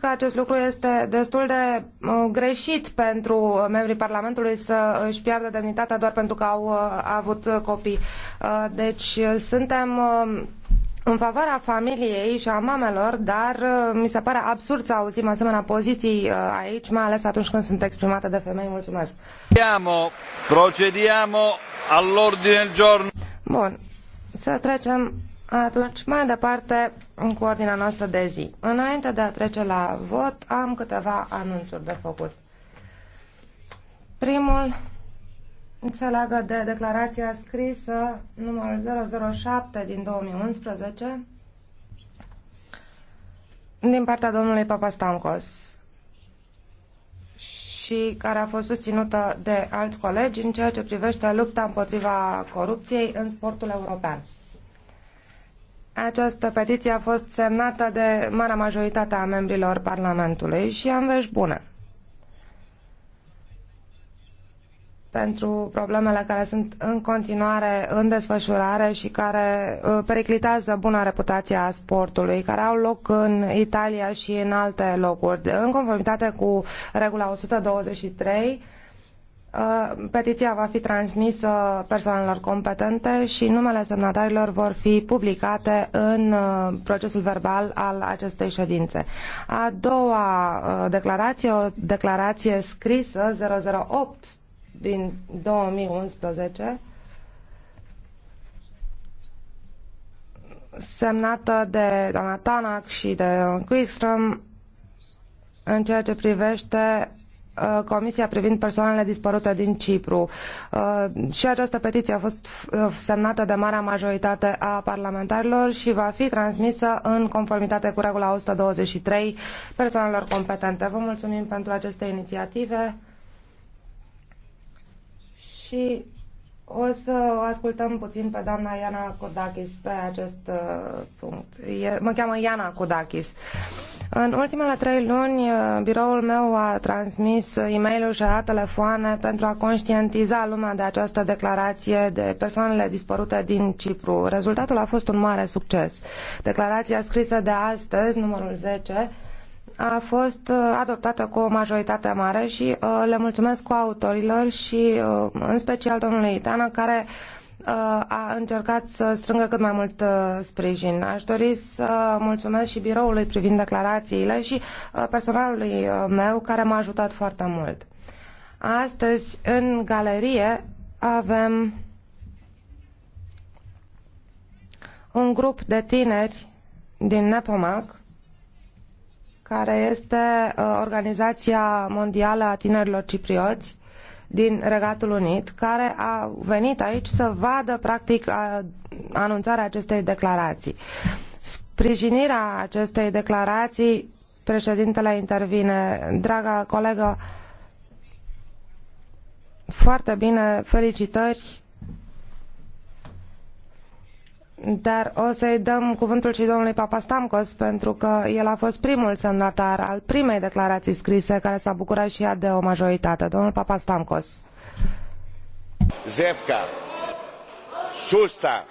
că acest lucru este destul de uh, greșit pentru uh, membrii Parlamentului să își piardă demnitatea doar pentru că au uh, avut copii. Deci suntem în favoarea familiei și a mamelor, dar mi se pare absurd să auzim asemenea poziții aici, mai ales atunci când sunt exprimate de femei. Mulțumesc. Procediamo, procediamo all'ordine del giorno. Bun, să trecem atunci, mai departe, în ordinea noastră de zi. Înainte de a trece la vot, am câteva anunțuri de făcut. Primul se leagă de declarația scrisă numărul 007 din 2011 din partea domnului Papastamkos și care a fost susținută de alți colegi în ceea ce privește lupta împotriva corupției în sportul european. Această petiție a fost semnată de marea majoritate a membrilor Parlamentului și am vești bune. pentru problemele care sunt în continuare în desfășurare și care uh, periclitează buna reputație a sportului, care au loc în Italia și în alte locuri. În conformitate cu regula 123, Uh, petiția va fi transmisă persoanelor competente și numele semnatarilor vor fi publicate în uh, procesul verbal al acestei ședințe. A doua uh, declarație, o declarație scrisă 008 din 2011, semnată de doamna Tanak și de Quickström în ceea ce privește Uh, Comisia privind persoanele dispărute din Cipru. Uh, și această petiție a fost uh, semnată de marea majoritate a parlamentarilor și va fi transmisă în conformitate cu regula 123 persoanelor competente. Vă mulțumim pentru aceste inițiative și o să o ascultăm puțin pe doamna Iana Kodakis pe acest punct. E, mă cheamă Iana Kodakis. Uh, în ultimele trei luni, uh, biroul meu a transmis e mail și a telefoane pentru a conștientiza lumea de această declarație de persoanele dispărute din Cipru. Rezultatul a fost un mare succes. Declarația scrisă de astăzi, numărul 10, a fost uh, adoptată cu o majoritate mare și uh, le mulțumesc cu autorilor și în special domnului Itana care Uh, a încercat să strângă cât mai mult uh, sprijin. Aș dori să mulțumesc și biroului privind declarațiile și uh, personalului meu care m-a ajutat foarte mult. Astăzi, în galerie, avem un grup de tineri din Nepomac care este Organizația Mondială a Tinerilor Ciprioți din Regatul Unit care a venit aici să vadă practic anunțarea acestei declarații. Sprijinirea acestei declarații, președintele intervine, draga colegă, foarte bine, felicitări dar o să-i dăm cuvântul și domnului Papastamkos pentru că el a fost primul semnatar al primei declarații scrise care s-a bucurat și ea de o majoritate. Domnul Papastamkos. Zevca. Susta.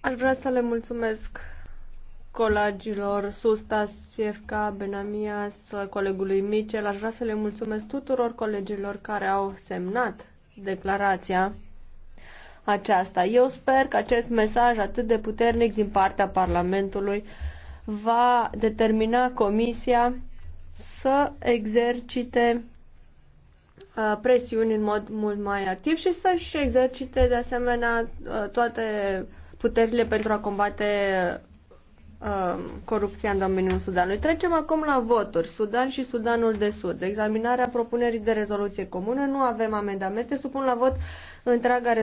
Aș vrea să le mulțumesc colegilor Susta, Fiefca, Benamias, colegului Michel. Aș vrea să le mulțumesc tuturor colegilor care au semnat declarația aceasta. Eu sper că acest mesaj atât de puternic din partea Parlamentului va determina Comisia să exercite uh, presiuni în mod mult mai activ și să-și exercite de asemenea uh, toate puterile pentru a combate uh, corupția în domeniul Sudanului. Trecem acum la voturi. Sudan și Sudanul de Sud. Examinarea propunerii de rezoluție comună. Nu avem amendamente. Supun la vot întreaga